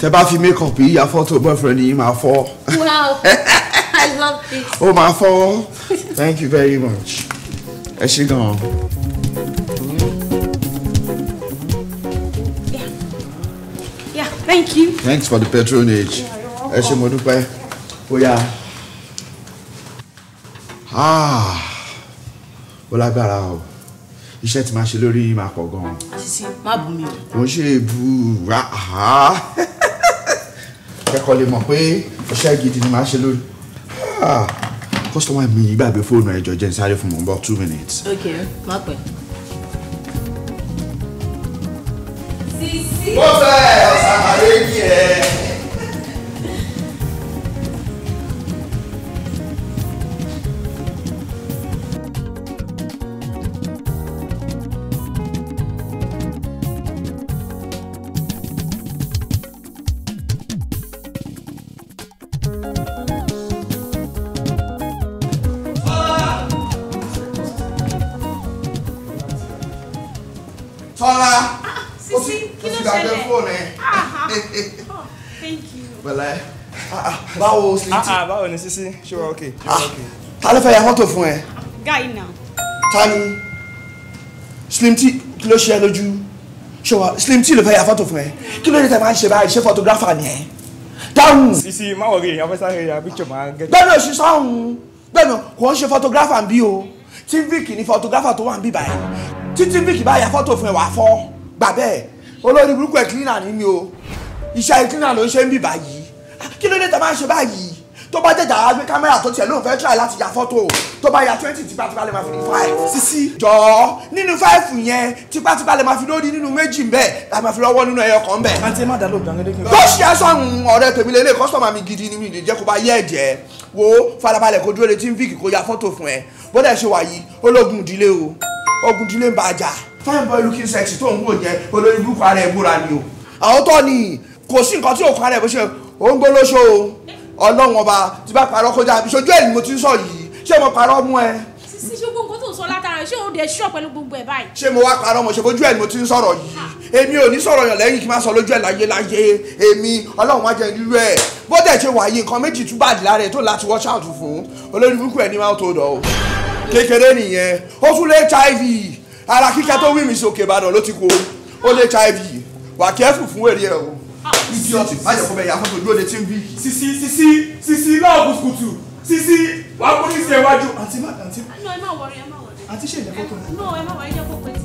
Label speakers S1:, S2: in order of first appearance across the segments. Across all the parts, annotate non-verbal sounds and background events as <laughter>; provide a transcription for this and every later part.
S1: tẹ bá fi make up yíya fọ́tò boyfriend yìí máa fọ́. wow <laughs> i love this. ó máa fọ́ thank you very much ẹ ṣé gan-an.
S2: yeah thank you. thanks for the patronage ẹ ṣé mo
S1: dúpẹ́ ó yá ah. ó lágbára o iṣẹ́ tí máa ṣe lórí máa pọ̀ gan-an.
S2: àṣìṣe má bù mí o.
S1: kò ṣe èébú rà á kẹ́kọ̀ọ́ lè mọ̀ pé iṣẹ́ gidi ni màá ṣe lórí kọ́sítọ́mà ah, mi gbàgbé fóònù ẹ̀jọ̀ jẹ́ sáré fún mọ̀ about two minutes.
S2: ok má pẹ́.
S3: sisi. bọ́sẹ̀ ọ̀sán àárẹ̀ ẹ̀.
S1: báwo ah, ah, sílítì. báwo ni sísí ṣé wọ́n ok. Ah, ta ló fẹ́ ya mọ́tò fún ẹ. guy now. ta ni slim t kí ló ṣe ẹ lójú ṣé wọ́n slim t ló fẹ́ ya fọ́tò fún ẹ kí ló dé tẹ ṣe báyìí ṣé photographer ni ẹ dáhùn. sísí má wọrí èèyàn fẹ́ sáré ya picture máa ń gẹ́gẹ́. bẹ́ẹ̀ ni òṣì sọ́hùn bẹ́ẹ̀ ni wọ́n ṣe photographer ń bí o tívík ni photographer tó wà ń bí báyìí tí tívík bá ya fọ́tò fún ẹ wàá fọ́ gbà bẹ́ẹ̀ olórí burúkú ẹ̀ cleaner ni mi o iṣẹ́ cleaner ló ń ṣe ń bí báyìí kí ló dé tá a máa ṣe báyìí tó bá jẹjà àgbé kámẹ́rà tó tiẹ̀ lóun fẹ́ try láti ya fọ́tò tó bá ya twenty tipátipá lè máa fi ní five sisi jọ̀ọ́ nínú five yẹn tipátipá lè máa fi lórí nínú méjì ńbẹ la máa fi lọ́wọ́ nínú ẹyọ kan ńbẹ. àǹtí má dàlú gbàngédé kí n. tó ṣe aṣọ àwọn ọ̀rẹ́ tèmi lélẹ̀ kọ́sọ̀mà mi gidi ni mi lè jẹ́ kó bá yẹ ẹ̀jẹ̀ wo farabalẹ̀ kó dúró de tínfìkì kó ya fọ́tò fún ẹ fine boy looking sexy tó ń wò jẹ olórí burúkú ara ẹ̀ bóra ni o àwọn tó ní kò sí nǹkan tí òkú ara ẹ̀ bó ṣe ó ń gbólóṣó o ọlọ́run ọba tí bá parọ́ kọjá àbí ṣojú ẹ̀yìn mo ti ń sọ yìí ṣé mo parọ́ mú ẹ.
S2: sisi ṣe gbogbo tó ń sọ ṣé o dé ṣọ pẹ̀lú gbogbo ẹ̀ báyìí. ṣé mo wá parọ́ mo ṣe
S1: fojú ẹ̀ ni mo ti ń sọ̀rọ̀ yìí èmi ò ní sọ̀rọ̀ yàn lẹ́yìn kí n má sọ lójú ẹ̀ láyé láyé èmi ọlọ́run wá jẹ́ irú ẹ̀ bó dẹ̀ ṣe wàyí nǹkan méjì tún bàdì lára ẹ̀ tó láti watch out fún olórí burúkú ẹ̀ ní máa tó dọ̀ o kékeré nìyẹn ó tún lé hiv ara kíkẹ́ tó wí mi sókè ìbàdàn ló ti kó o lé hiv wà kẹ́fù fún èrè ẹ̀ o idiot má jẹ́ kó bẹ ya fọ́tò dúró de tí ń bí. sisi sisi sisi láwọn kùtùkùtù sisi wàá kó ní sí iwájú.
S3: àǹtí má àǹtí. ẹ má wọrí ẹ má wọrí. àǹtí ṣe ìjẹ́ fọ́tò. no ẹ má wọrí jẹ́ kó pẹ́ sí.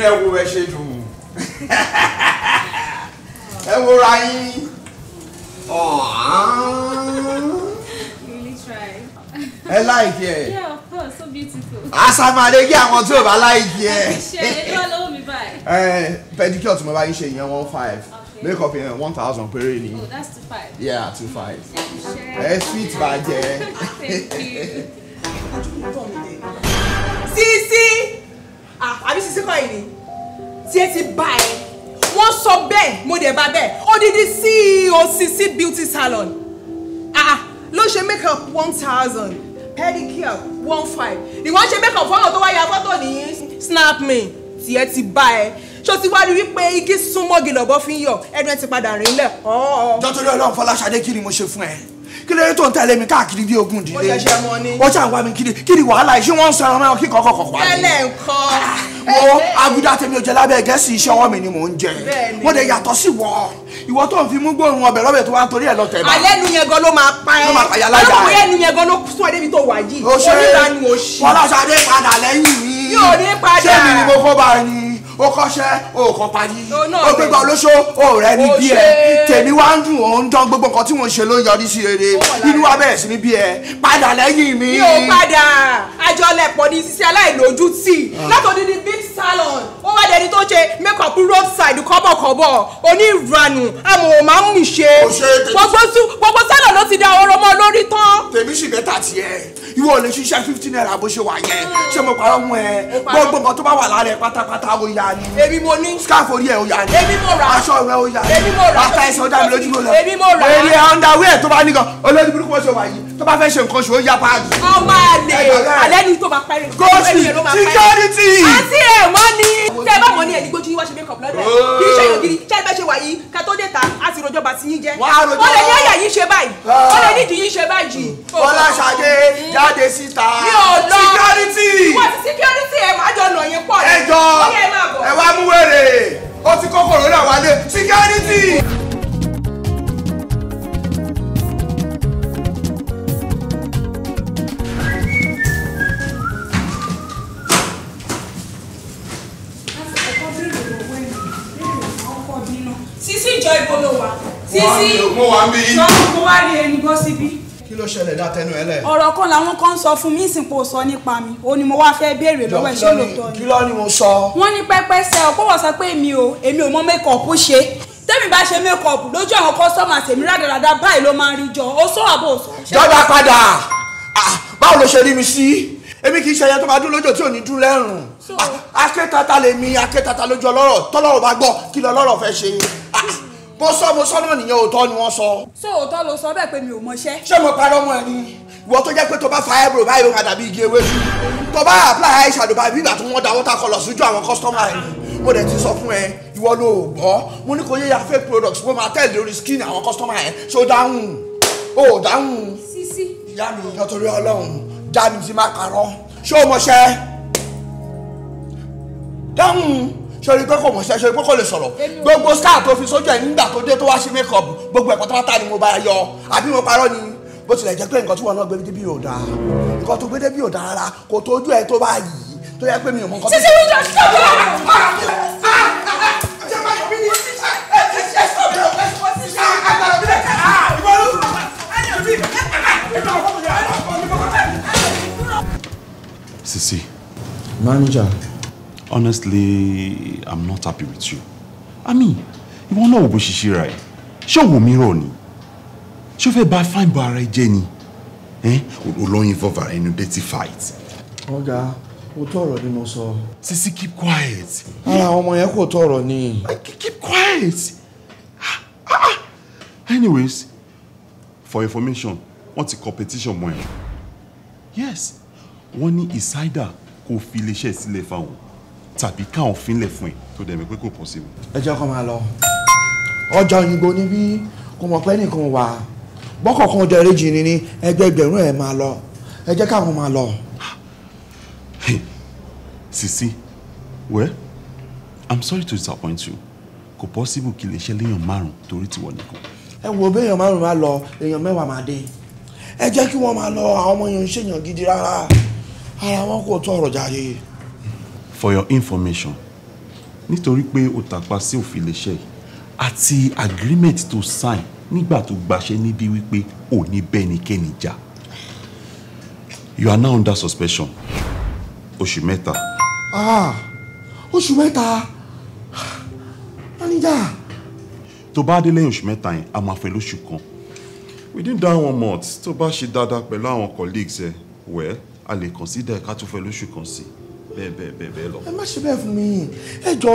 S1: náà wo ẹ ṣe dùn ẹ wo ra yín
S2: ẹ láìkí ẹ. yeah of course so beautiful. àṣàmàlẹ́ kí àwọn tí ò bá láìkí ẹ. ṣe é lọ́wọ́ lọ́wọ́ mi báyìí.
S1: <laughs> Eh, pedicure tí mo bá yín ṣe ìyẹn one five Make up yẹn one thousand péré ni. oh
S2: that's
S3: two five. yeah two
S1: five. ẹ eh, sweet bàjẹ́. <laughs>
S3: <laughs> sisi ah, àbí sisi kọ́ yìí ni tí ẹ ti bá ẹ wọ́n sọ bẹ́ẹ̀ mo dẹ̀ bá bẹ́ẹ̀ odidi ceo sisi beauty salon ah, ah ló ṣe make up one thousand pedicure one five ìwọ ṣe make up fọ́nà tó wáyà fọ́tò ní snap me tiẹ̀ ti bá ẹ ṣó ti wá rí wípé igi súnmọ́gi lọ́bọ́ fi ń yọ ẹnu ẹ ti padà rìn lẹ̀. jọ́tọ́rí ọlọ́run fọláṣadé
S1: kí ni mo ṣe fún ẹ kí lóye tó ń tẹ̀lé mi káàkiri bí ogun ìdílé wọ́n ṣàn wá mi kiri kiri wàhálà ìṣe wọ́n ń sọ ẹran kíkọ́ kọ̀ọ̀kọ̀ pa mi.
S3: Ah, wo agudá
S1: tèmi ò jẹ lábẹ́ gẹ̀ẹ́sì iṣẹ́ ọwọ́ mi ni mò ń jẹ wọ́n dẹ̀ yàtọ̀ sí wọ́ ìwọ tó ń fi mú gbóòórùn ọbẹ̀ lọ́bẹ̀ tó wá ń torí ẹ̀ lọ tẹ̀ bá. alẹ́ nu yẹn gan ló máa pa ẹ́ ló máa pa yàrá yàrá àwọn ẹnu yẹn gan ló sún ẹdẹ́bi tó wà yìí. o ṣe fọláṣadé padà lẹ́yìn mi. yóò ní padà. ṣé mi ni mo kó bá a ní ó kọ́ṣẹ́ ó kọ́ parí ó gbégbá olóṣó ó rẹ ní bí ẹ tèmi wá ń dùn òun dán gbogbo nǹkan tí mò ń ṣe ló ń yọrí sí rere inú wa bẹ̀rẹ̀ sí ní bí ẹ padà lẹ́yìn mi. mi ò padà
S3: àjọlẹ̀pọ̀ ní sísẹ́ aláìlójútì ah. látòdì ní ń ṣe mẹ́kọ̀ọ́pù roadside kọ́bọ̀kọ́bọ̀ onírànù amòmàmùṣe
S1: gbogbo sọ́nà ló ti da ọ̀rọ̀ mọ́ lórí tán. tèmi sì bẹ́tà tiẹ̀ ìwọ ò lè ṣiṣẹ́ fifty naira bó ṣe wà yẹn ṣé mo parọ́ mọ́ ẹ gbogbo nǹkan tó bá wà lára ẹ pátápátá ó yá ni. èmi mo ní. scarf orí ẹ ó yá ni. èmi mo rà. aṣọ rẹ ó yá ni. èmi mo rà. bàtà ẹsẹ̀ ó dá mi lójú mo lọ. èmi mo rà. èrè underwear tó bá ní gan olórí burúkú bó ṣe wà yìí tó bá fẹ́ ṣe nǹkan ṣe ó yá páàgì. ọmọ àlè alẹ́ ni
S3: tó bá parí. gòsì security. àti ẹ̀ mọ́ ni. tẹ bá mọ́ ni ẹ̀ ní gbójú wá ṣe make up kì í ṣe yóò gidi ẹgbẹ́ ṣe wà yìí ká tó dé ta a sì rojọ́ sí yín jẹ́ ó lè ní àyà yín ṣe báyìí ah. ó lè nídìí yín ṣe báyìí. Fọláṣadé mm. jáde síta security wọ́n ti máa jọ nà yín pọ̀ ẹ̀ jọ ẹ̀ wá mú wèrè
S1: ó ti kókòrò náà wálé security.
S4: títí mo wà ń bí yín. sọ́ọ́nù kó
S3: wá rí ẹni bọ́ síbí. kí ló ṣẹlẹ̀ dá tẹnu ẹ lẹ̀. ọ̀rọ̀ kan làwọn kan sọ fún mi ìsìnkú sọ nípa mi ó ní mo wá fẹ́ béèrè lọ́wọ́ ẹ̀ lọ́lọ́tọ́ ni. kí ló ní mo sọ. wọ́n ní pẹ́pẹ́ sẹ́ ọ kó wọ́n sọ pé èmi o èmi ò mọ mékọ̀ọ̀pù ṣe tẹ́mi bá ṣe mékọ̀ọ̀pù lójú àwọn kọ́sọ́mà tèmi rádaràda báyìí ló máa ń rí jọ ó sọ àbò sọ. jọba padà
S1: ah, báwo ló ṣe rí mi sí èmi kì í ṣe ẹyẹ tó máa dún lójó tí ò ní dún lẹ́rùn ah, akétata lèmi akétata lójú ọlọ́rọ̀ tọ́lọ́rọ̀ bá gbọ́ kí lọ́lọ́rọ̀ fẹ́ ṣe ah, bó sọ mo sọ náà nìyẹn òótọ́ ni wọ́n sọ.
S3: ṣé òótọ́ ló sọ bẹ́ẹ̀ pé mi ò mọṣẹ́. ṣé mo
S1: parọ́ mọ́ ẹ ni ìwọ tó jẹ́ pé tó bá fa ẹ́bùrò báyìí ó máa dàbí igi ewé sí tó bá apply eye shadow báyìí ìgbà tí wọ́n da water colour sójú àwọn customer ẹ̀ mo dẹ̀ ti sọ fún ẹ ìwọ ló gbọ́ mo ní kò yẹ ya fake products mo máa tẹ̀lé orí skin àwọn customer ẹ̀ ṣó dáhùn ó dáhùn sísí ìyá mi nítorí ọlọ́run já mi ti má karọ́ ṣó mọṣẹ́ dáhùn sori pé kò mọ̀ ṣe sori pé kò lè sọ̀rọ̀ gbogbo star tó fi sójú ẹ̀ nígbà tó dé tó wá ṣe make gbogbo ẹ̀ pátápátá ni mo bá yọ àbí mo parọ́ ni bó tilẹ̀ jẹ́ pé nǹkan tí wọn náà gbé débi ò nǹkan tó gbé débi ò rárá kò tó ẹ̀ tó bá yìí tó yẹ pé mi ò mọ nǹkan tó. ṣíṣe wíjọ
S3: ṣíṣe
S4: wíjọ manager honestly i'm not happy with you i mean ìwọ náà wò bó ṣe ṣe ra ẹ ṣé òwò mi ni ṣé o fẹ́ bá fine bọ ara ẹ jẹ́ ni olóyin vọ́và ẹnu dirty fight. ọ̀gá kò tọrọ ni mo sọ. sisi keep quiet. ara àwọn ọmọ yẹn kò tọrọ ni. keep quiet. anyways for information wọ́n ti competition mọ́ ẹ̀ yes wọ́n ní insider kò fi iléeṣẹ́ sílẹ̀ fáwọn tàbí káwọn fínlẹ̀ fún ẹ tó dẹ̀ mí pé kò possible. ẹ jẹ́ kó máa lọ ọjà òyìnbó níbí kò mọ̀ pé nìkan wà
S1: bọ́kọ̀ọ̀kan ọjọ́ eréjì ni ní ẹgbẹgbẹ̀rún ẹ̀ máa lọ ẹ jẹ́ káwọn máa lọ.
S4: <sighs> sisi well i'm sorry to disappoint you kò possible kí lè ṣe léèyàn márùn-ún torí tiwọ nìkan.
S1: ẹ wo bí èèyàn márùn-ún máa lọ èèyàn mẹ́wàá máa dé ẹ jẹ́ kí wọ́n máa lọ àwọn ọmọ yẹn ń ṣèyàn gidi rárá ara wọn kò tó ọ̀rọ̀ jáde
S4: for your information nítorí pé o tàpá sí òfin iléeṣẹ́ yìí àti agreement to sign nígbà tó gbàṣẹ níbi wípé ò ní bẹ́nikẹ́ni jà you are now under suspension oṣù mẹ́ta. ah oṣù mẹ́ta manager. tó bá dé lẹ́yìn oṣù mẹ́ta yẹn a máa fẹ́ lóṣù kan within that one month tó bá ṣe dáadáa pẹ̀lú àwọn colleagues ẹ wẹ́ẹ́ a lè consider ká tó fẹ́ lóṣù kan sí i bẹ́ẹ̀ bẹ́ẹ̀ bẹ́ẹ̀ bẹ́ẹ̀ lọ.
S1: ẹ má ṣe bẹ́ẹ̀ fún mi ẹ jọ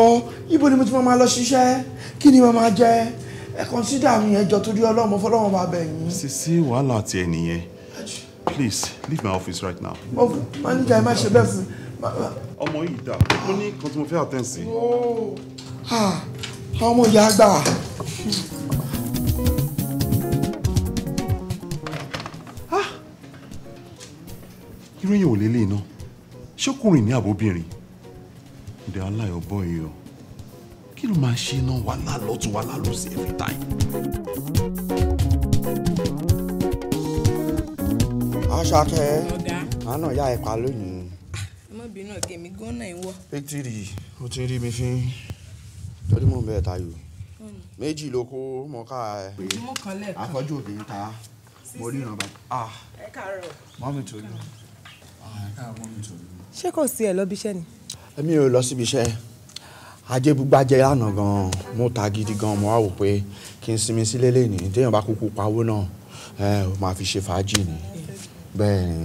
S1: ibo ni mo ti máa lọ ṣiṣẹ́ kí ni mo máa jẹ ẹ kọ́nsídà mi ẹ jọ torí ọlọ́mọ fọlọ́mọ bá bẹ̀
S4: yín. ṣe sí wàhálà àti ẹ nìyẹn please leave my office right now. ọ̀fù manager ẹ má ṣe bẹ́ẹ̀ fún mi. ọmọ yìí dà mo ní kan tí mo fẹ́ attend sí. Oh.
S1: Ah, ọmọ ìyá àgbà.
S4: ìròyìn ah! ò lélẹ́yìn náà ṣókùnrin ní àbóbìnrin ǹdẹ aláyọ̀bọ yìí o kí ló máa ṣe náà wà lálọ́tún wà lálọ́sí every time.
S1: aṣákẹ́ àánú ìyá ẹ̀ pa lónìí.
S3: Ah, ọmọbìnrin náà kèmí gánà ìwọ.
S1: pétérì ó ti rí mi fi. torí mò ń bẹ́ẹ̀ tayò méjì ló kó mọ́ká ẹ̀ pé afọ́jú òde ń
S3: ta mo ríran ah. ẹ káàárọ̀. mọ́mí tó lọ ṣé kò sí ẹ lọ bíṣẹ́ ni.
S1: èmi ò lọ síbi iṣẹ́ ajé gbúgbájẹ lánàá gan mo ta gidi gan mo wá wò pé kí n sinmi sílé lè ní téèyàn bá kúkú pawó náà ẹ ò máa fi ṣe fàájì ni bẹ́ẹ̀ ni.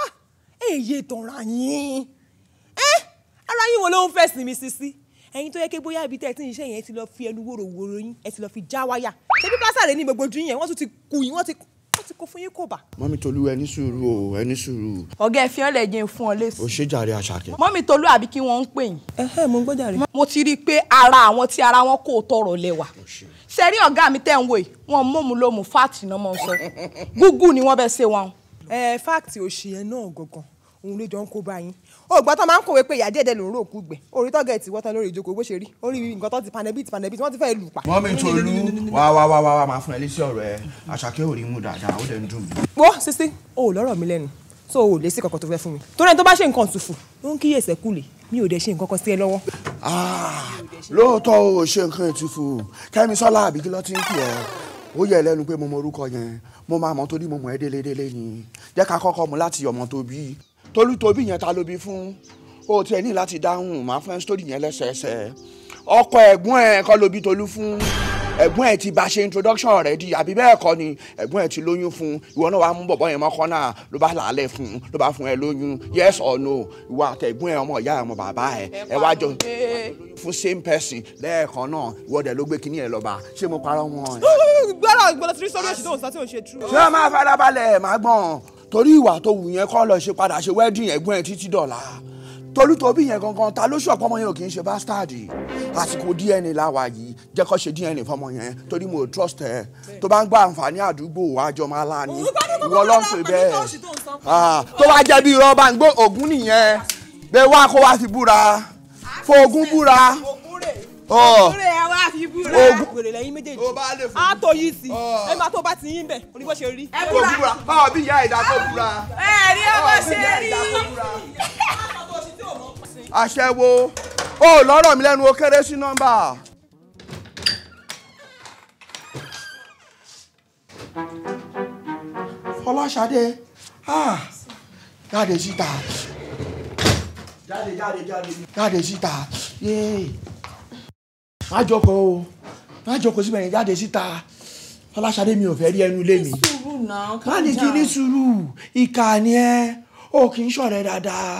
S3: Ah! èyí ìtọ̀ra yín ara yín wo ló ń fẹ́ sinmi sí sí ẹ̀yin tó yẹ kí bóyá ibi tẹ́ ẹ ti ń yẹn ti lọ fi ẹnu wòrò wòrò yín ẹ ti lọ fi já wáyà ṣé bí pásáré ní gbogbo ojú yẹn wọ́n tún ti kù yín wọ́n ti kù wọ́n ti kó fún yín kò bá.
S1: mọ́mí tolú ẹni sùúrù o ẹni sùúrù.
S3: ọ̀gá ẹ̀ fi hàn lẹ̀ jẹun fún ọ lẹ́sìn. o ṣe jàre àṣàkẹ́. mọ́mí tolú àbí kí wọ́n ń pè yín. ẹhẹ́ mo gbọ́ jàre. mo ti rí i pé ara àwọn tí ara wọn kò tọrọ lẹ́wà. ṣe rí ọ̀gá mi tẹ̀ ń wò yìí wọ́n mọ̀mú lómù fáàtì náà mọ̀ ń sọ gúgú ni wọ́n bẹ ṣe wọn. ẹ fáàtì òṣì yẹn náà gangan òun ló jọ ń kó bá ògbọ́n tó máa ń kọ̀wé pé ìyá díẹ̀dẹ̀ ló ń rò kúgbẹ̀ orí tọ́gẹ̀ tí wọ́tọ́ lórí ìjókòó bó ṣe rí orí nǹkan tó ti panẹ́bìtì panẹ́bìtì wọ́n ti fẹ́ lù pa.
S1: mọ́mí tolú wá wá wá wá máa fún ẹ lésì ọ̀rọ̀ ẹ àṣàkẹ́ ò rí mú dáadáa ó dẹ̀ ń dùn mí.
S3: wo sisi o lọ́rọ̀ mi lẹ́nu tó o lè sí kankan tó fẹ́ fún mi torí ẹni tó bá ṣe nǹkan tùfù ló ń kíyè sẹ́kù lè mi ò dẹ̀ ṣe nǹkan kan sí ẹ lọ́wọ́. Ah,
S1: lóòótọ́ o ṣe nǹkan ìtùfù kẹ́misọ́lá àbíkí ti ń pè ẹ́ ó yẹ lẹ́nu pé mo mọ orúkọ yẹn mo máa mọ̀ torí mo mọ̀ ẹ́ délédélé ni jẹ́ ká kọ́kọ́ mu láti ọmọ tó bí tolútobí yẹn ta ló bí fún o tiẹ̀ ní láti dáhùn màá fẹ́ sítórì yẹn lẹ́sẹẹsẹ ọkọ ẹ̀gbọ́n ẹ̀ kọ́ ló bí tolú fún ẹ̀gbọ́n ẹ̀ ti bá ṣe introduction rẹ̀ di àbí bẹ́ẹ̀ kọ́ ni ẹ̀gbọ́n ẹ̀ ti lóyún fún ìwọ náà wàá mú bọ̀bọ́ yẹn mọ́kọ́ náà ló bá làálẹ̀ fún ló bá fún ẹ lóyún yes or no ìwọ àtẹ̀gbọ́n ẹ̀ ọmọ ìyá ọmọ bàbá ẹ̀ ẹ wá jọ fún same person lẹ́ẹ̀kan náà ìwọ dẹ̀ ló gbé kíní ẹ̀ lọ́ba ṣé mo parọ́ wọn.
S3: gbọ́dọ̀ gbọ́dọ̀ tí sọ́dọ̀ ṣe tó ń sá tí ò ń ṣe true. ṣé máa
S1: farabalẹ̀ máa gbọ́n torí ìwà tó wù yẹn kọ́ lọ ṣe padà ṣe wedding ẹ̀gbọ́n ẹ̀ títí dọ̀la tolútòbí yẹn gangan ta ló ṣọ̀pọ̀ ọmọ yẹn ò kì í ṣe bastard àsìkò DNA láwa yìí jẹ́ kó ṣe DNA fọmọ yẹn torí mo trust ẹ tó bá ń gba àǹfààní àdúgbò àjọ máa la ni ìwọ ló ń pè bẹ́ẹ̀ tó bá jẹ́ bí rọ́bà ń gbó ògún nìyẹn bẹ́ẹ̀ wá kó wá fi búra fún ògún búra
S3: ogun wèrè lẹ́yìn méjèèjì á tó yí sí ẹ máa tó bá ti yín bẹ̀ orí bó ṣe rí. ẹ búra báwa bí ìyá ìdá tó búra. ẹ rí ọmọ ṣe rí.
S1: <laughs> aṣẹ́wó o lọ́rọ̀ mi lẹ́nu o kéré sí nọ́mbà. fọláṣadé jáde síta jáde jáde jáde jáde síta yéé má jókòó o má jókòó síbẹ̀ yẹn jáde síta fọláṣadé mi ò fẹ́ rí ẹnu ilé mi
S3: má ní kí ní sùúrù
S1: ìkà ni ẹ o kì í ṣọ̀rẹ́ dáadáa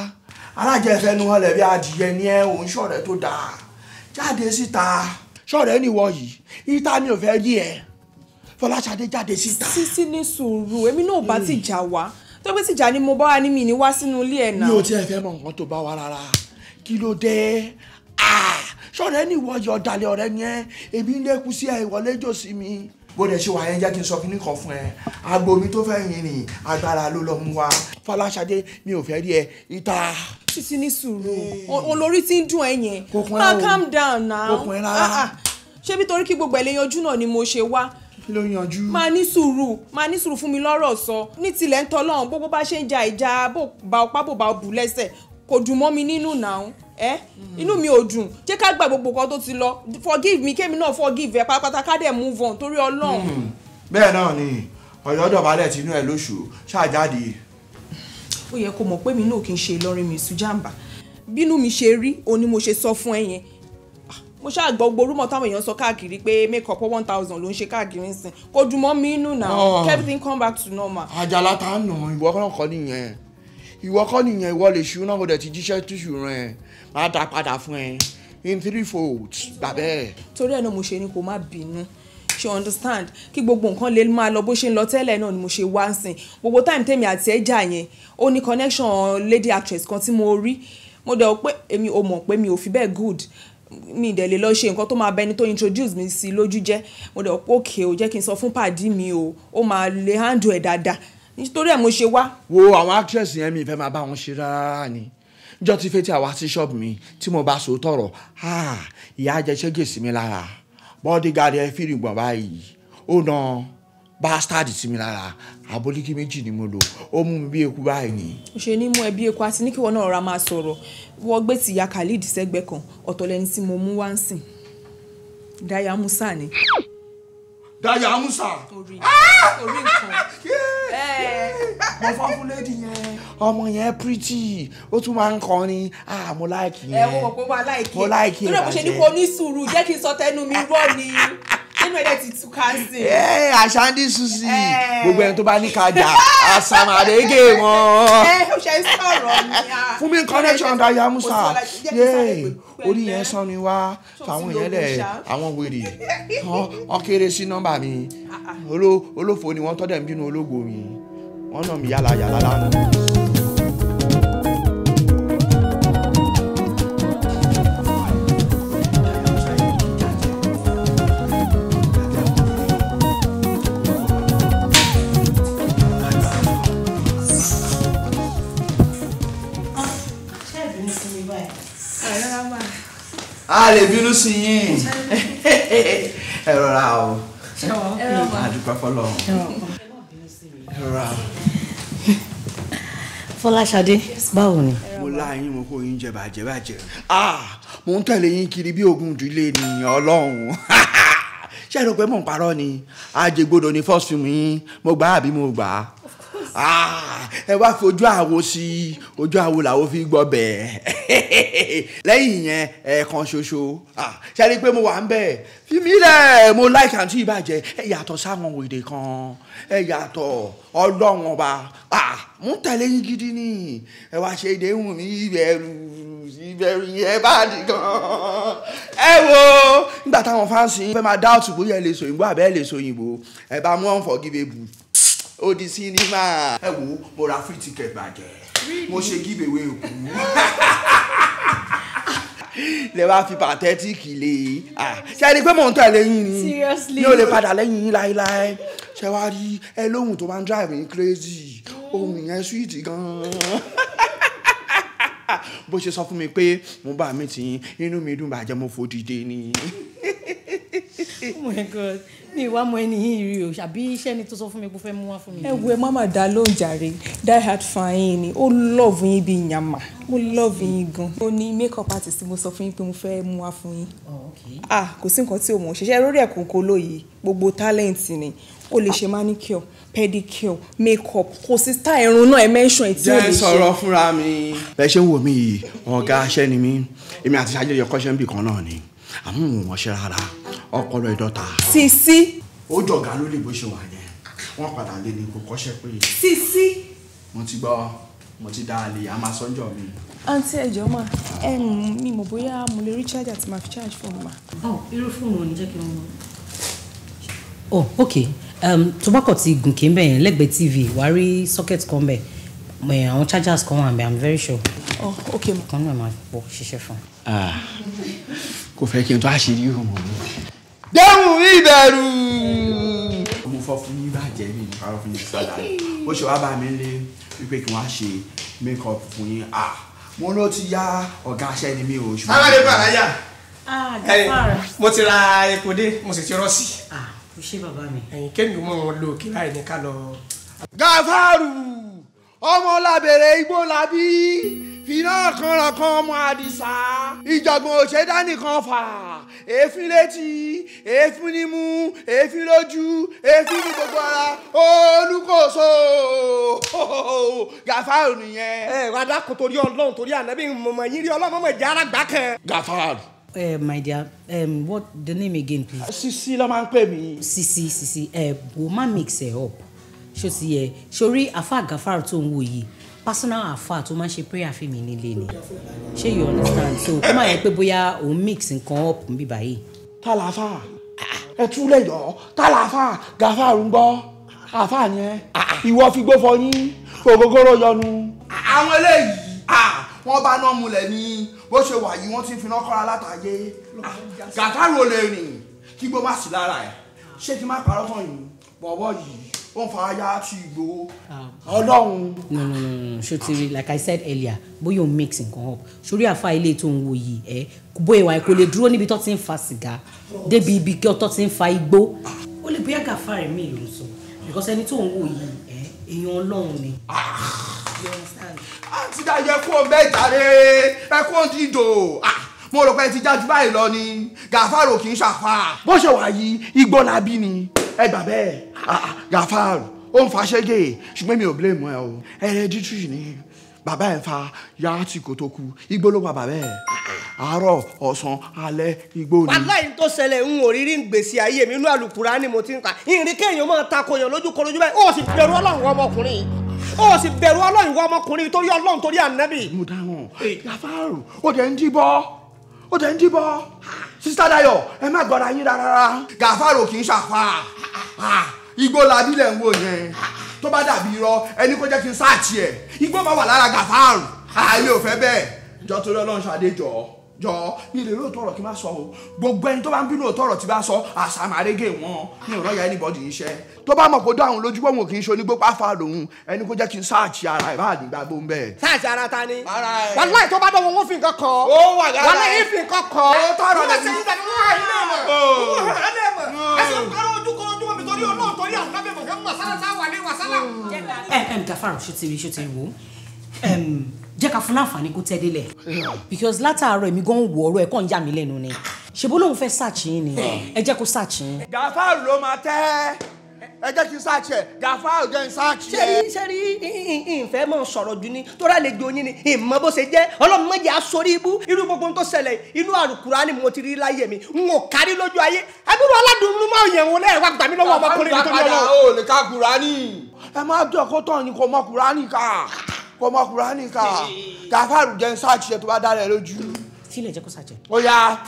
S1: alájẹfẹ́ nu ọlẹ̀ bí adìyẹ ni ẹ òun ṣọ̀rẹ́ tó dáa
S3: jáde síta ṣọ̀rẹ́ nìwọ yìí ìta mi ò fẹ́ rí ẹ fọláṣadé jáde síta. sísí ní sùúrù èmi náà bá hmm. ti jà wá tó pé tìjà ni mo bá wa ní mi ní wá sínú ilé ẹ̀ náà. mi ò tiẹ̀ fẹ́ mọ nǹkan tó bá wa rárá kí ló dé ah! sọ̀rọ̀
S1: ẹni ìwọ yọ ọ̀dàlẹ̀ ọ̀rẹ́ ni ẹ èmi ń lékun sí ẹ ìwọlé jò sí mi. bó dẹ̀ ṣe wà yẹn jẹ́ kí n sọ kíní kan fún ẹ agbo mi tó fẹ́ yin ni agbára ló lọ mú wa. Fọláṣadé mi ò fẹ́ rí ẹ ìta.
S3: títí ní sùúrù olórí tí ń dùn ẹ máa calm down now ah, ah. ṣé bí torí kí gbogbo ẹ̀ lè yanjú náà ni mo ṣe wá ló yanjú. máa ní sùúrù máa ní sùúrù fún mi lọ́rọ̀ sọ ní tilẹ̀ ń tọ́lọ́run bó bó bá ṣe ń ja ìjà bó ba ọpá bó ba bù lẹ́sẹ̀ kò dùn mọ́ mi nínú náà ẹ eh? inú mi ò dùn jẹ́ ká gba gbogbo kan tó ti lọ forgive me kémi náà forgive ẹ pátápátá ká dẹ̀ move on torí ọlọ́run. Hmm.
S1: bẹ́ẹ̀ náà ni ọ̀yọ́ dọ̀bálẹ̀ tinú ẹ̀ lóṣù ṣáàjáde.
S3: ó yẹ kó mọ̀ pé mi náà kì í ṣe Ìlọrin mi ìsújàǹbá bínú mi ṣe rí òun ni mo ṣe sọ fún ẹ yẹn ah, mo ṣáà gbọ́ gbogbo rumor táwọn èèyàn sọ káàkiri pé make up for one thousand ló ń ṣe káàkiri ń sìn kò dùn mọ́ mi inú náà ah. everything come back to normal. àjàlá tá
S1: a nù ìwọ kọ́ nìyẹn ìwọ kọ́ nìyẹn ìwọ lè ṣùnà kó dẹ̀ ti jíṣẹ́ tó ṣùnà ẹ̀ máa dá padà fún ẹ in three fold gbàbẹ́ ẹ̀.
S3: torí ẹ̀ náà mo ṣe ni kò má bínú ṣe understand kí gbogbo nǹkan lè máa lọ bó ṣe ń lọ tẹ́lẹ̀ náà ni mo ṣe wá sìn gbogbo time tèmi àti ẹ̀ jà yẹn ó ní connection lady actress kan tí mo rí mo dẹ̀ pé èmi ò mọ̀ pé mi ò fi bẹ́ẹ̀ good mi dẹ̀ lè lọ ṣe nǹkan tó máa bẹni tó introduce mi sí lójú jẹ́ mo dẹ̀ pé òkè ò jẹ́ kí n sọ fún pàdí mi o ó máa lè handle ẹ̀ dáadáa nítorí ẹ̀ mo ṣe wá.
S1: wo àwọn actress yẹn mi ìfẹ́ máa bá wọn ṣe rárá ni jọ ti fẹ́ tí àwa sí ṣọ́ọ̀bù mi tí mo bá sọ tọrọ ah, ìyá ajẹṣẹ́ gèsì mi lára bodyguard ẹ fìrì gbọ̀n báyìí ó na bastard sí mi lára abolíkí méjì ni mo lò ó mú mi bí eku báyìí ni.
S3: ṣe ni mú ẹ bí eku àti ní náà ra máa sọ̀rọ̀ wọ́n gbé ti ìyá khalid sẹ́gbẹ́ kan ọ̀tọ̀ lẹni tí mo mú wá ń sìn daya musa ni. daya musa. orí nǹkan. Ah! mo fọ́ fún lady yẹn ọmọ yẹn
S1: pretty ó tún máa ń kọrin ah mo like yẹn mo like
S3: yẹn bàjẹ́ mo like yẹn bàjẹ́ tó lè mo ṣe ní kò ní sùúrù jẹ́ kí n sọ tẹnu mi rọ́ ni àánú ẹ̀dẹ̀ ti tú ká sí. ẹ àṣàndí susi gbogbo
S1: ẹni tó bá ní kájà àsàmàdégé <laughs> wọn. ẹ
S3: eh, ó ṣe sọ̀rọ̀ ni a. Ah.
S1: fún mi connection daya musa orí yẹn sàn mi wá fáwọn yẹn lẹ àwọn wèrè <laughs> wọn kéré sí nọ́mbà mi ah, ah. olófò ni wọn tọ́ dẹ̀ ń bínú ológo mi wọn nà mí yálà yálà lánàá.
S3: bínú sí mi báyìí. àrẹ́rà wà. a lè bínú sí yín ẹ rọra o àdúgbò fọlọ
S2: ẹ rọra o. Fọláṣadé
S1: báwo ni. mo láàyè mo kó yín jẹ bàjẹ́ bàjẹ́ mo ń tẹ̀lé yín kiri bí ogun ìdílé ènìyàn ọlọ́run <laughs> ṣé ẹ rò pé mò ń parọ́ ni àjẹgbọ́dọ̀ ni first film yín mo gbà àbí mo gbà á. Ah, ẹ wá fi ojú àwo sí i ojú àwo làwo fi gbọ́ bẹ́ẹ̀ <laughs> lẹ́yìn yẹn ẹ̀ẹ̀kan ṣoṣo ah, ṣáàrí pé mo wà ń bẹ̀ fi mí lẹ̀ mo láìka àǹtí ìbàjẹ́ ẹ yàtọ̀ sáwọn òde kan ẹ yàtọ̀ ọlọ́run ọba ah, mú tẹ̀lé yín gidi ni ẹ wá ṣe ìdéhùn mi ìbẹ̀rù ìbẹ̀rù yẹn bá dì gan ẹ wo nígbà táwọn fáǹsì fẹ́ máa dá òtún bóyá ẹ lè sòyìnbó àbẹ́ ẹ lè sòyìnbó ẹ bá mú unforgivable ó di sinimá. ẹ wo mo ra free ticket bàjẹ́ mo ṣe give away òkú. lè <laughs> wá fi pàtẹ́tíìkì lè ṣe ẹni pé mò ń tẹ̀lé yín ni mi ò lè padà lẹ́yìn yín láéláé ṣe wá rí ẹ lóhùn tó máa ń drive yín crazy ohun yẹn sweet gan-an <laughs> bó ṣe sọ fún mi pé mo bá mi tì yín inú mi dùn bàjẹ́ mo fò dìde
S3: ni.
S2: Oh mi wá mọ ẹni yìí rí o àbí iṣẹ́ ni to sọ fún mi kó fẹ́ mú wá fún mi. ẹ wo ẹ má
S3: má dá lóhùn jàre die hard fan yín ni ó love yín bíi yàmà mo love yín gan. ó ní make up artist mo sọ fún yín pé mo fẹ́ mú wá fún yín. Oh, ah kò sí nǹkan tí o mọ̀ ṣiṣẹ́ lórí ẹ̀kọ́ kó lóye gbogbo talent ni o lè ṣe manicure pedicure makeup kò sí tá irun náà ẹ mention ẹ tí o lè ṣe. jẹ́ sọ̀rọ̀ fúnra mi.
S1: bẹ́ẹ̀ ṣe ń wò mí yìí ọ̀gá aṣẹ́ni mi èmi àti ṣáájú ẹ̀yọkọ́ṣẹ́ ń bì kan náà ni àmọ́ òun wọn ṣe rárá ọpọlọ ìdọ́ta. sisi. ó jọ̀gá ló lè bó ṣe wà yẹn wọ́n padà lé ní kó kọ́ṣẹ́ pé. sisi. mo ti gbọ́ mo ti dá a lè a
S2: máa sọ́njọ́ mi.
S3: àǹtí ẹ̀jọ̀ mà mi mọ̀ bóyá mo lè rí charger tí màá fi charge fóònù mà.
S2: ọ irú fóònù ò ní jẹ́ kí n mọ. oh ok um, tó bá ti gùnkè ń bẹ̀ yẹn lẹ́gbẹ̀ẹ́ tv wàá rí socket kan bẹ̀ àwọn chargers kan wà ń bẹ̀ i'm very sure. oh ok mo. kan náà máa bọ̀ ṣiṣẹ́ fún
S1: Ah. kò fẹ́ kí n tó àṣírí ọmọ mi. dẹ́hùn ìbẹ̀rù. mo fọ́ fún yín bàjẹ́ mi ní parọ́ fún yín sọ́dà ó ṣe wá bá mi lé wípé kí wọ́n á ṣe make up fún yín ah, mo ló ti yá ọ̀gá aṣẹ́ ni mi ò ṣùgbọ́n. sábà dé bàrà yá
S2: ah,
S1: mo ti ra epo dé mo sì ti rọ sí. kò ṣe bàbá mi. ẹyin kéèmí mọ wọn lo òkè láì ní ká lọ. Gàfárù ọmọ làbẹ̀rẹ̀ igbó làbí fínà kanrankan ọmọ àdìsá ìjọ̀gbọ̀n òṣèdá nìkan fà èéfín létí èéfín nímú èéfín lójú èéfín ní gbogbo ara olùkóso gàfáàrù nìyẹn. ẹ wàá dákun torí Ọlọ́run torí ànábì mọmọ yín rí Ọlọ́run mọmọ ìjà ara gbà kan.
S2: gàfáàrù. Uh, my dear, um, what the name again, please? Sisi ló máa ń pè mí. Sisi, Sisi, ẹ bò mix ẹ up. Ṣó ti yẹ, ṣorí Gafar, Gàfáàrù tó ń personal àfa tó máa ń ṣe prayer fún mi nílé ni ṣé you understand so kó má yẹ pé bóyá òun mix nǹkan up ń bì báyìí.
S1: tálàfà ah, ah. ẹ túlẹ̀ yọ tálàfà gàfà ń gbọ́ àfà yẹn ah, ìwọ fi gbó fọyín ògógóró yọnu. àwọn eléyìí wọ́n bá náà múlẹ̀ ní bó ṣe wà yìí wọ́n ti fi náà kọ́ra látàyè gàtàrò lè rìn kí gbó má sí lára ẹ̀ ṣé kí má parọ́ tán yìí bọ̀bọ̀ yìí wọ́n fa aya ti um,
S2: no, no. ṣó ti rí like i said earlier bóyá òun mix nǹkan up sórí àfa ilé tó ń wo yìí ẹ eh, bóyá wà kò lè dúró níbi tó ti ń fa sìgá débi ibi kí ọtọ́ ti ń fa igbó. ó lè bóyá gàfa rẹ̀ mí ló sọ because ẹni tó ń wo yìí ẹ eh, èèyàn ọlọ́run ni. àti
S1: dàjẹ́ kó o bẹ́ẹ̀ jáde ẹ kó o dìdò ah, mo rò pé ti jájú báyìí lọ ni gàfárò kì í ṣàfà bó ṣe wà yìí igbó làbí ni ẹ gbà bẹ́ẹ̀. Ah, ah, gafar ó ń fa ṣẹ́gẹ̀ ṣùgbọ́n mi ò blame ẹ o hereditary ni bàbá ẹ̀ fa yàrá tí kò tó kú igbó ló pa bàbá ẹ̀ àárọ̀ ọ̀sán alẹ́ igbó ni. wàláyé tó ṣẹlẹ̀ ń wò rírí gbèsè ayé mi inú àlùkùrá ni mo ti ń kà ìrìn kéèyàn máa takò yàn lójú kọlójú báyìí ó sì bẹ̀rù
S3: ọlọ́run ọmọkùnrin
S1: ó sì bẹ̀rù ọlọ́run ọmọkùnrin torí ọlọ́run torí ànábì. mo dáhùn yàfáàrù ó dẹ̀ ń díbọ́ ó dẹ̀ ń díbọ́ sísá Dayọ̀ ẹ má gbọ́dọ̀ ayé rárá gàfáàrù kì í ṣàfà. Ah, igbó labí lẹ̀ ń wò yẹn tó bá dàbí irọ́ ẹni kó jẹ́ kí n sáàtì ẹ̀ igbó máa wà lára gàfáàrù àìlè ò fẹ́ bẹ́ẹ̀ jọ torí ọlọ́run ṣàdé jọ jọ mi lè lóòótọ́ ọ̀rọ̀ kí n bá sọ o gbogbo ẹni tó bá ń bínú òótọ́ ọ̀rọ̀ tí bá sọ àṣàmárégé wọn ní ìrọ̀ ya anybody iṣẹ́ tó bá mọ̀ kó dáhùn lójú pọ̀wọ̀n kì í ṣe onígbó pàfà lòun ẹni kó jẹ́ kí n sáàtì ara ẹ̀ bá àdìgbà gbó ń bẹ̀. sáàtì ara ta
S3: ni wàláì
S1: tó bá dọ̀wọ́ wọn fi nǹkan kọ́ wàláì ìfi nǹkan kọ́ torí ànábì Muhammad
S3: sallallahu alaihi wasallam.
S1: ẹ
S2: ẹ ǹkan fáwọn ṣe ti rí ṣe ti wò jẹ́ ká fún láǹfààní kó tẹ́ délẹ̀ because látàárọ̀ èmi gan wọ ọ̀rọ̀ ẹ̀ kàn ń yà mí lẹ́nu ni ṣèbó lòun fẹ́ search yín ni ẹ jẹ́ kó search yín.
S1: gàfáàrù ló máa tẹ́ ẹ jẹ́ kí n sáàchì ẹ̀ gàfá ò jẹ́ n sáàchì ẹ̀. ṣé ṣé rí ìfẹ́ mọ̀ sọ̀rọ̀ jù ni tó rà lè jò yín ni ìmọ̀ bó ṣe jẹ́ ọlọ́run mọ̀ jẹ́ asorí ibú irú gbogbo tó ṣẹlẹ̀ inú àlùkùrá ni mo ti rí láyé mi n ò kárí lójú ayé ẹgbẹ́rún aládùn mọ́ yẹn wọn lẹ́yìn wá gbà mí lọ́wọ́ ọmọkùnrin nítorí ọlọ́run. ẹ má jọ kó tán ni kò mọ kùránì ká kò mọ kùránì ká gàfáàrù jẹ́ n sáàchì ẹ̀ tó bá dára ẹ lójú. filẹ̀ jẹ́ kó sáàchì ẹ̀. ó yá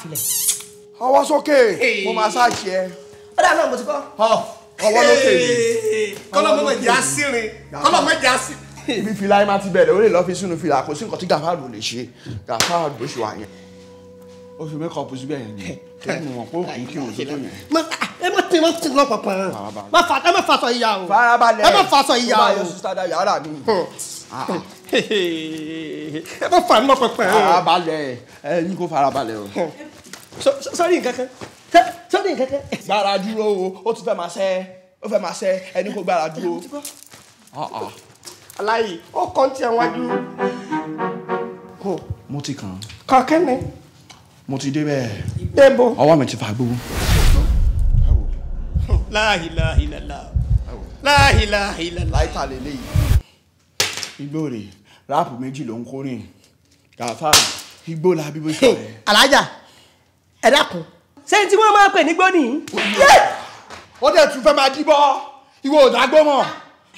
S1: ọwọ́ sókè mo máa sáàchì ẹ̀. ó dà náà mo ti kọ́ ọwọ́ lókè ni kọ́lọ́mọ mẹ́jà sírin kọ́lọ́mọ mẹ́jà sí. ibi fìlà ẹ máa ti bẹ̀rẹ̀ ó lè lọ́ọ́ fi sínú fìlà kò sí nǹkan tí gàfáàrù lè ṣe gàfáàrù bó ṣe wà yẹn ó fi mẹ́kọ̀ọ̀pù síbẹ̀ yẹn ni kí ni wọ́n kó kí n kí n tó tó yẹn ẹ má tí ẹ má tí lọ pàpà
S3: má fa ẹ má fa sọ ìyá
S1: o farabalẹ̀ ẹ má fa sọ ìyá o báyọ̀ sísá da yàrá mi. ẹ má fa ẹ má pàpà. farabalẹ̀ ẹ ní kó farabalẹ̀ o. sọ sọ rí nǹkan kan sọ́ni kẹ́kẹ́. gbára dúró o ó tún fẹ́ máa ṣẹ́ ó fẹ́ máa ṣẹ́ ẹni kò gbára dúró. Ah, ah. aláyè ó kàn tiẹ̀ wájú. mo ti kàn. kàn kẹ́ni. mo ti dé bẹ́ẹ̀. débò. ọwọ́ mi ti fà gbogbo. láhìláhìlá láhìláhìlá. láìta lélẹ́yìí igbó rè ráàpù méjì ló ń kórìn gàfárì igbó la bíbí sọ̀rọ̀. alájà ẹ dákun ṣé tí wọ́n máa pè ní gbóni. ó dẹ̀ tún fẹ́ máa díbọ́ ìwọ ò dágbó mọ̀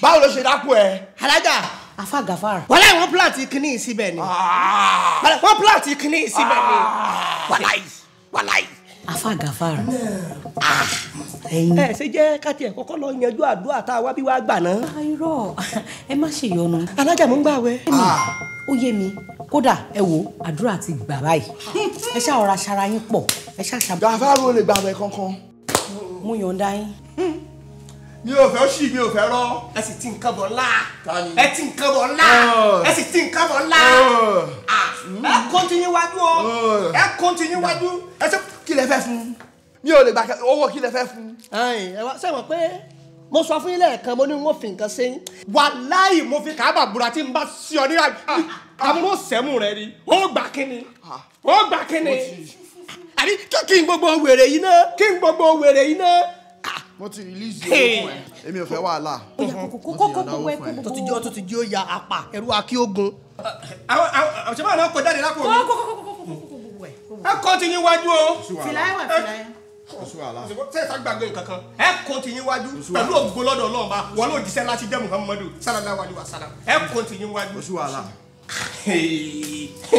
S1: báwo ló ṣe dákú ẹ. alága afagafara wàlá ìwọ̀n pílàtì kìíní ìsíbẹ̀
S3: ni ah! wọ́n pílàtì kìíní ìsíbẹ̀ ni ah! wàláì wàláì
S2: afágàfàrà. Ah.
S3: ẹ ṣe jẹ́ káti ẹ̀ kọ́kọ́ lọ yanjú àdúrà tá
S2: a wá bí wàá gbà náà. Ah, irọ́ ẹ má ṣe yọnu. alájà mú gbà ah. ó yé mi kódà ẹ wo àdúrà ti gbà báyìí ẹ ṣá ọ̀rọ̀ aṣara yín pọ̀ ẹ ṣá ṣàbọ̀. gàfáró lè gbàgbẹ́ kankan. mo yọ̀ǹda yín mi ò fẹ́ ṣì
S1: mi ò fẹ́ rọ́. ẹ sì ti nǹkan bọ̀ ńlá ẹ ti nǹkan bọ̀ ńlá ẹ sì ti nǹkan bọ̀ ńlá mm. ẹ kọ́ntínú wájú ọ ẹ kọ́ntínú wájú ẹ sọ kí lẹ fẹ́ fún mi ò lè gbà owó kí lẹ fẹ́ fún. ẹ wá sẹ́wọ̀n pé mo sọ fún yín lẹ́ẹ̀kan mo ní wọ́n fi nǹkan sẹ́yìn. wàláì mo fi kàábà búra tí n bá sí ọ níra ah, ah. àbúrò sẹ́mu rẹ ni ó gbà kíni ah. ó gbà kíni àbí kí n gbogbo wèrè yìí náà kí n gbogbo wèrè yìí náà wọ́n ti release yìí fún ẹ èmi ò fẹ́ wàhálà. tó ti jẹ́ tó ti jẹ́ ó ya apá ẹ̀rú akí ogun. àwọn àwọn ṣẹ́fà náà kò jáde lápò mi.
S2: ẹ kọ́ ti yín wájú o. filayewa
S1: filayewa sẹ́ẹ̀sà gbàgbé kankan ẹ kò tí yín wájú pẹ̀lú ògo lọ́dọ̀ ọlọ́run bá wọn ló jíṣẹ́ láti jẹ́ muhammadu sallallahu alayhi wa sallam ẹ kò tí yín wájú. oṣù wàhálà.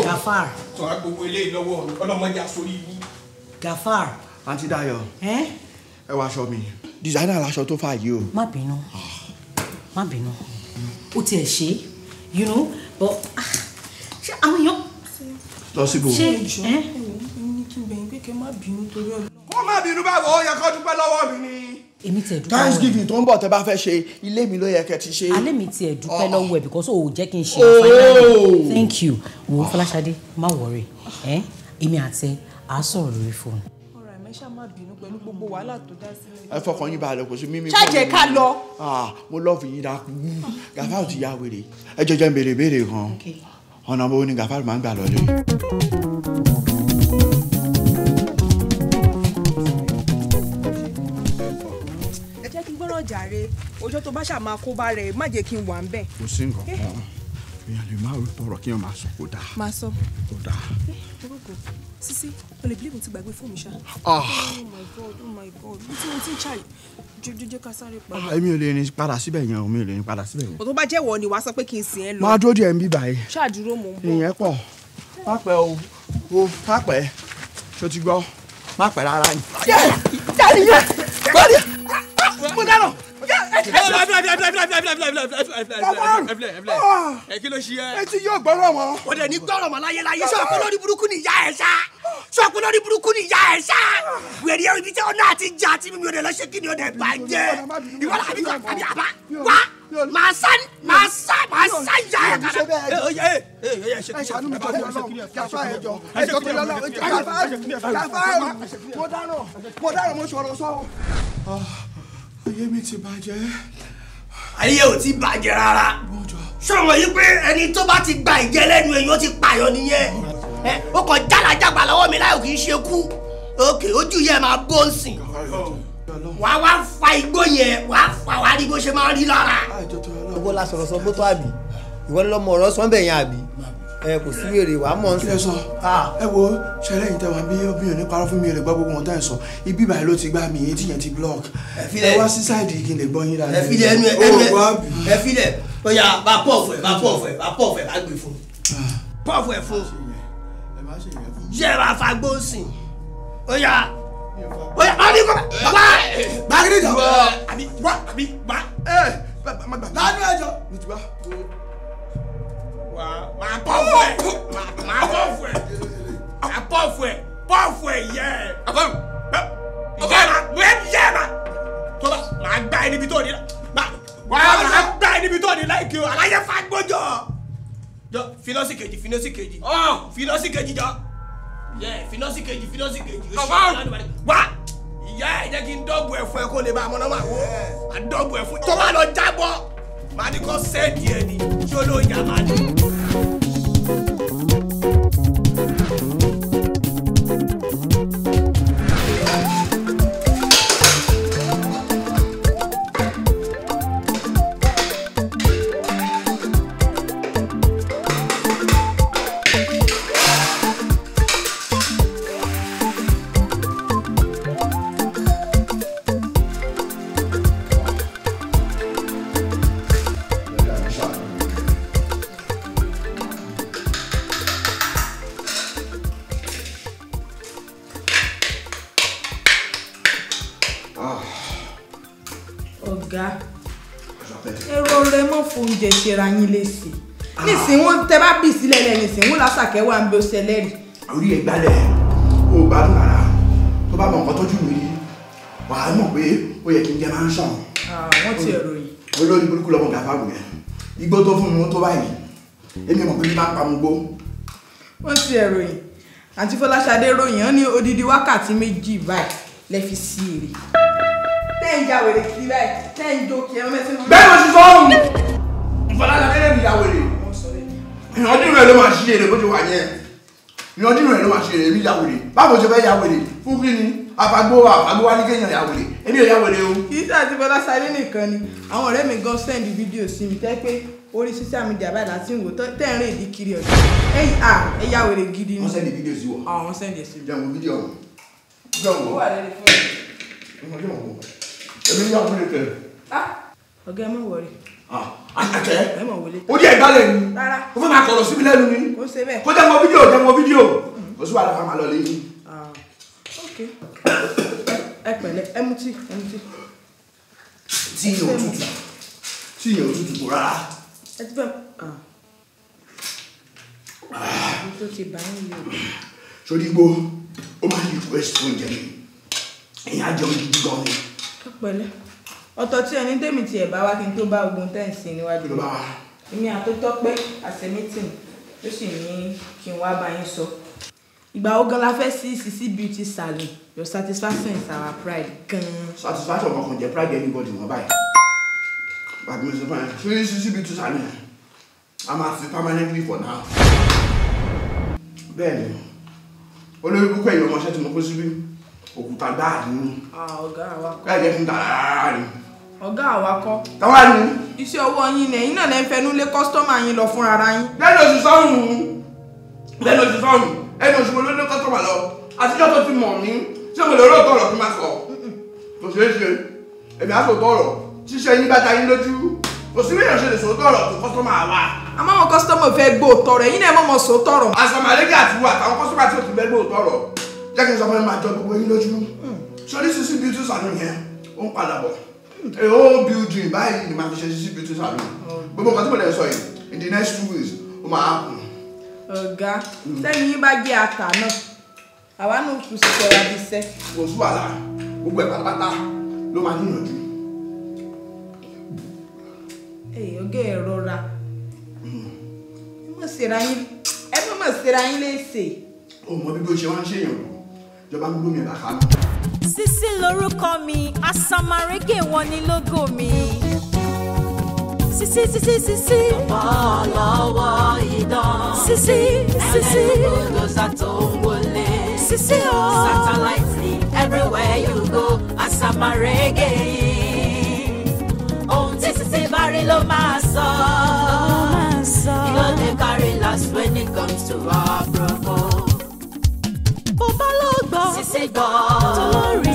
S1: gafar. tọ́ra gbogbo eléyìí lọ́wọ́ ọlọ́mọdé aṣọ yìí. gafar. àǹtí Dayọ̀. ẹ́ ẹ wá aṣọ mi designer aṣọ tó fà yìí o. má bínú
S2: má bínú ó tiẹ̀ ṣe you know but ah,
S3: ṣé àwọn èèyàn. lọ síbò. ṣe ẹ ẹ ní kí n bẹ̀yìn pé kẹ́ má bínú torí ọ̀la. kó má bínú báwo ó yẹ kó dúpẹ́ lọ́wọ́
S1: mi ni èmi tiẹ̀ dúpẹ́ lọ́wọ́ thanksgiving tó ń bọ̀ tẹ bá fẹ́ ṣe
S2: ilé mi ló yẹ kẹ́ ti ṣe. alẹ́ mi tiẹ̀ dúpẹ́ ah. lọ́wọ́ ẹ̀ because o ò jẹ́ kí n ṣe finally oh. thank you wo Fọláṣadé má worry èmi àti ẹ àá sọ̀rọ̀ lórí fóònù
S3: màmá ẹ ṣáà má bínú pẹ̀lú gbogbo wàhálà tó dá sílẹ̀. ẹ
S1: fọkàn yín balẹ̀ kò sí mímí. ṣáàjẹ ká lọ. Ah, mo lọ fi yín dákú gàfáà ti yá wèrè ẹ jọjọ ń béèrè béèrè kan ọ̀nà mo ní gàfáà máa ń gbà lọ́lẹ̀.
S3: ẹ jẹ́ kí gbọ́dọ̀ jàre ọjọ́ tó bá ṣáà máa kó bá rẹ̀ má jẹ́ kí n wà ń bẹ̀. kò sí nǹkan eh. kan
S1: èèyàn lè má rí tọrọ kí èèyàn máa
S3: sọ kó dáa. máa sọ kó dáa. Eh, Sisi, o lè believe mo ti gbàgbé fóònù ṣá. Oh my God, oh my God, mo ti mo ti ń ṣàyè jẹjẹjẹ ká sáré padà. Èmi ò lè rìn
S1: padà síbẹ̀ yẹn o, mi ò lè rìn padà síbẹ̀ yẹn.
S3: Òtó bá jẹ́ wọ ni wàá sọ pé kí n sìn ẹ́ lọ. Máa dúró díẹ̀ ń bí báyìí. Ṣáàdúró mò ń bọ̀. Ìyẹn pọ̀, má pẹ́ o, o má pẹ́, ṣo ti gbọ́, má
S1: pẹ́ rárá ni. Dáàdì yẹn, bọ́ọ̀dì, mo dáná kí ló ṣe yẹ. etí yóò gbọ́rọ̀ wọn. o dẹ̀ ní gbọ́rọ̀ wọn láyé láyé sọ pé lórí burúkú ni ìyá ẹ̀ sá sọ pé lórí burúkú ni ìyá ẹ̀ sá wèrè ẹ̀ ibi tí ọ̀nà àti jà àti mímu ọ̀dẹ̀ lọ́sẹ̀ kí ni ọ̀dẹ̀ bá jẹ́ ìwọ làbí àbí àbá wá màá sá màá sá màá sá ìyá ẹ̀ kan. ẹ ṣàánú mi tọ́jú ọlọ́run kàfá ẹ jọ ẹ jọ tó lọ́lọ́ kàfá ẹ mo dárò mo dárò mo ṣòro sọ́wọ́ ayé mi ti bàjẹ́. ayé ò ti bàjẹ́ rárá sọ̀rọ̀ yìí pé ẹni tó bá ti gba ìjẹ́ lẹ́nu èyí ó ti pààyàn nìyẹn ó kàn jálajàgbà lọ́wọ́ mi láyò kì í ṣe kú òkè ojú yẹn máa bó ń sìn wàá wá fa igbó yẹn wàá fa wàá rí bó ṣe máa rí lára. ọgbọ́n la sọ̀rọ̀ sọ gbótó àbí
S3: ìwọ ni lọ́mọ ọ̀rọ̀ sọ́ńbẹ̀ àbí
S1: ẹ kò sí wèrè wàá mọ̀ ń sọ. kí lẹ sọ ẹ wo ṣẹlẹ̀ yìí tẹwàá bí obìnrin ní parọ́ fún mi lè gbọ́ gbogbo wọn táyì sọ ibi ìbàyẹ ló ti gbá mi etí yẹn ti block ẹ wá sí sáìdì kí n lè gbọ́ yín dáadáa. ẹ filẹ ẹnu ẹ filẹ ọya bá pọ̀fù ẹ bá pọ̀fù ẹ bá pọ̀fù ẹ bá gbé fún pọ̀fù ẹ fún yẹra fagbósìn ọya ọya má ní kọ́ bá bá kí ni jà. àbí wá àbí wá ẹ má gbà. lánàá ẹjọ́ mo ti wá. My pọ́ọ̀fù my máa my ẹ̀ máa yeah. ẹ̀ pọ́ọ̀fù ẹ̀ yẹ ẹ̀. àbọ̀rù ọ̀gá ma wẹ́ẹ́ mi yẹ́ ma tó bá máa gbá ẹ níbi tó ní ma wàá máa gbá ẹ níbi tó ní láìkí o aláyẹ fagbójọ jọ finọ́sì kejì finọ́sì kejì finọ́sì kejì jọ finọ́sì kejì finọ́sì kejì wá ìyá ẹ̀ jẹ́ kí n dọ́gbù ẹ̀fọ́ ẹ̀ kó lè bá a mọ̀ náà máa wò á ẹ̀fọ́ tó bá lọ jábọ́ màá ní kọ́ sẹ́ẹ̀dì ẹ̀ ní ṣó ló yá màá
S3: ra yín léṣe ah. nísìnyí wọn tẹ bá bì sílẹ̀ lẹ nísìnyí wọn lásàkẹ́ wà ń bí ó ṣẹlẹ̀ rí.
S1: orí ẹ gbalẹ̀ o bá ń rárá tó bá mọ nǹkan tójú mi wàá mọ̀ pé ó yẹ kí n jẹ máa ń sàn. Ah, wọ́n ti ẹ̀rọ yìí. olórí burúkú lọ́mọ gàfà wù yẹn igbó tó fún mi tó báyìí èmi mọ̀ pé bí máa pa mu gbó.
S3: wọ́n ti ẹ̀rọ yìí àti Fọláṣadé ròyìn ó ní odidi wákàtí méjì báyìí lẹ́ fi sí èrè. tẹ́ ń ja wèrè kiri báyìí tẹ́ ń jó kí ẹ
S1: ṣe èrè bó wà yẹn ìyanjú rẹ̀ ló máa ṣe èrè èmi ya báwo ṣe fẹ́ ya fún kí ni àfagbó àfagbó wa ní kéèyàn ya
S3: èmi ò ya wèrè o. isa àti bọ́lá sáré nìkan ni àwọn ọ̀rẹ́ mi gan send fídíò sí mi tẹ́ pé orí social media báyìí láti ń wò tẹ́ ń rìn ìdí kiri ọ̀dọ́
S1: ẹ̀yìn à ẹ̀yà wèrè gidi ni. wọ́n send fídíò sí wọ. àwọn send sí mi. jẹun fídíò ọ̀hún. jẹun wọ. ó wà
S3: lẹ́nu àtàkẹ́ ó di ẹ̀gbálẹ̀ ni ó fẹ́ máa kọ̀rọ̀ síbi lẹ́nu ni kó jẹ́ wọn
S1: fídíò jẹ́ wọn fídíò ó sì wà lọ́wọ́ máa lọ lé yìí. Ah,
S3: ẹ pẹ̀lẹ́ ẹ mú tí ẹ mú tí. tí ìyẹn òtútù tí ìyẹn òtútù kò rárá. ẹ ti bẹ́ẹ̀ ah. ah. tó ti bá ń lò. sórí igbó ó máa ń request oúnjẹ mi èèyàn á jẹun gidi gan ni. ẹ pẹ̀lẹ́ ọ̀tọ̀ tí ẹni tèmi tiẹ̀ bá wá kí n tó bá ogun tẹ́ ẹ̀ sí níwájú rẹ̀ èmi àtọ́tọ́ pé àṣẹ mítìn ló sì ní kí n wá bá yín sọ. ìgbà wo gan la fẹ́ sí cc beauty salon your satisfaction is our pride gan satisfaction
S1: kankan jẹ pride anybody wọn báyìí bàbá mi sọ fún ẹ ṣé cc beauty salon a máa fi permanently for now. bẹ́ẹ̀ ni olórí púpọ̀ ìyọ̀mọ̀ṣẹ́ tí mo kó síbí òkúta gbáà nínú.
S3: Ah, ọ̀gá àwa
S1: kọ́. ẹ jẹ́ fún dáadáa ni
S3: ọ̀gá àwa kọ́. táwa ni. iṣẹ́ ọwọ́ yín ni ẹ̀yin náà lẹ́ ń fẹnu lé kọ́sítọ́mà yín lọ fúnra ara yín. lẹ́nu oṣù sọ́run lẹ́nu oṣù sọ́run ẹnu oṣù mo ló lé kọ́sítọ́mà lọ àtijọ́ tó ti mọ̀ mí ṣé mo
S1: lè rò tọ̀rọ̀ kí n máa sọ. kò ṣeé ṣe èmi á sọ tọ̀rọ̀ ṣíṣe yín bá ta yín lójú kò sí bẹ́ẹ̀ ṣe lè sọ tọ̀rọ̀ tó kọ́sítọ́mà wa. àmọ́ àwọn kọ́sítọ́mà fẹ́ gbọ́ tọ̀rọ̀ ẹ̀yin náà mọ̀ mọ̀ sọ tọ̀rọ̀. àṣàmàlẹ́gà àti wà kọ́sítọ́mà tí ò ti fẹ́ gbọ́ tọ̀rọ̀ jẹ́ kí n sọ fún ẹ máa jọ gbogbo yín lójú. sọ ní sísú bíútù sànú yẹn ó ń padà bọ̀ a whole building báyìí the màá fi ṣe sí beauty salon But but tí mo lè in the next two weeks ó máa happen.
S3: ọ̀gá sẹ́yìn mm. yín bá jẹ́ ata náà àwa náà kù sí kẹwàá bí sẹ́. kò sí wàhálà gbogbo ẹ̀ pátápátá ló máa níyànjú. ẹ̀yìn ọ̀gá ẹ̀ rọra ẹ má mọ̀ síra yín léṣe. o mọ bí bó ṣe wá ń ṣèyàn ìjọba ń gbómi ẹ̀ bàkà
S1: náà.
S2: Sisi lorúkọ mi asamarege wọn ni lógo mi. Sisi sisi sisi. ọ̀pọ̀ lọ́wọ́ idán. Sisi sisi. ẹlẹ́gbẹ̀lógóza tó ń wọlé. Sisi o. satellite everywhere you go asamarege yìí. ohun tí Sisi bá rí ló máa sọ. ló máa sọ. you no last when it comes to our problem. sì sí, sí, sí,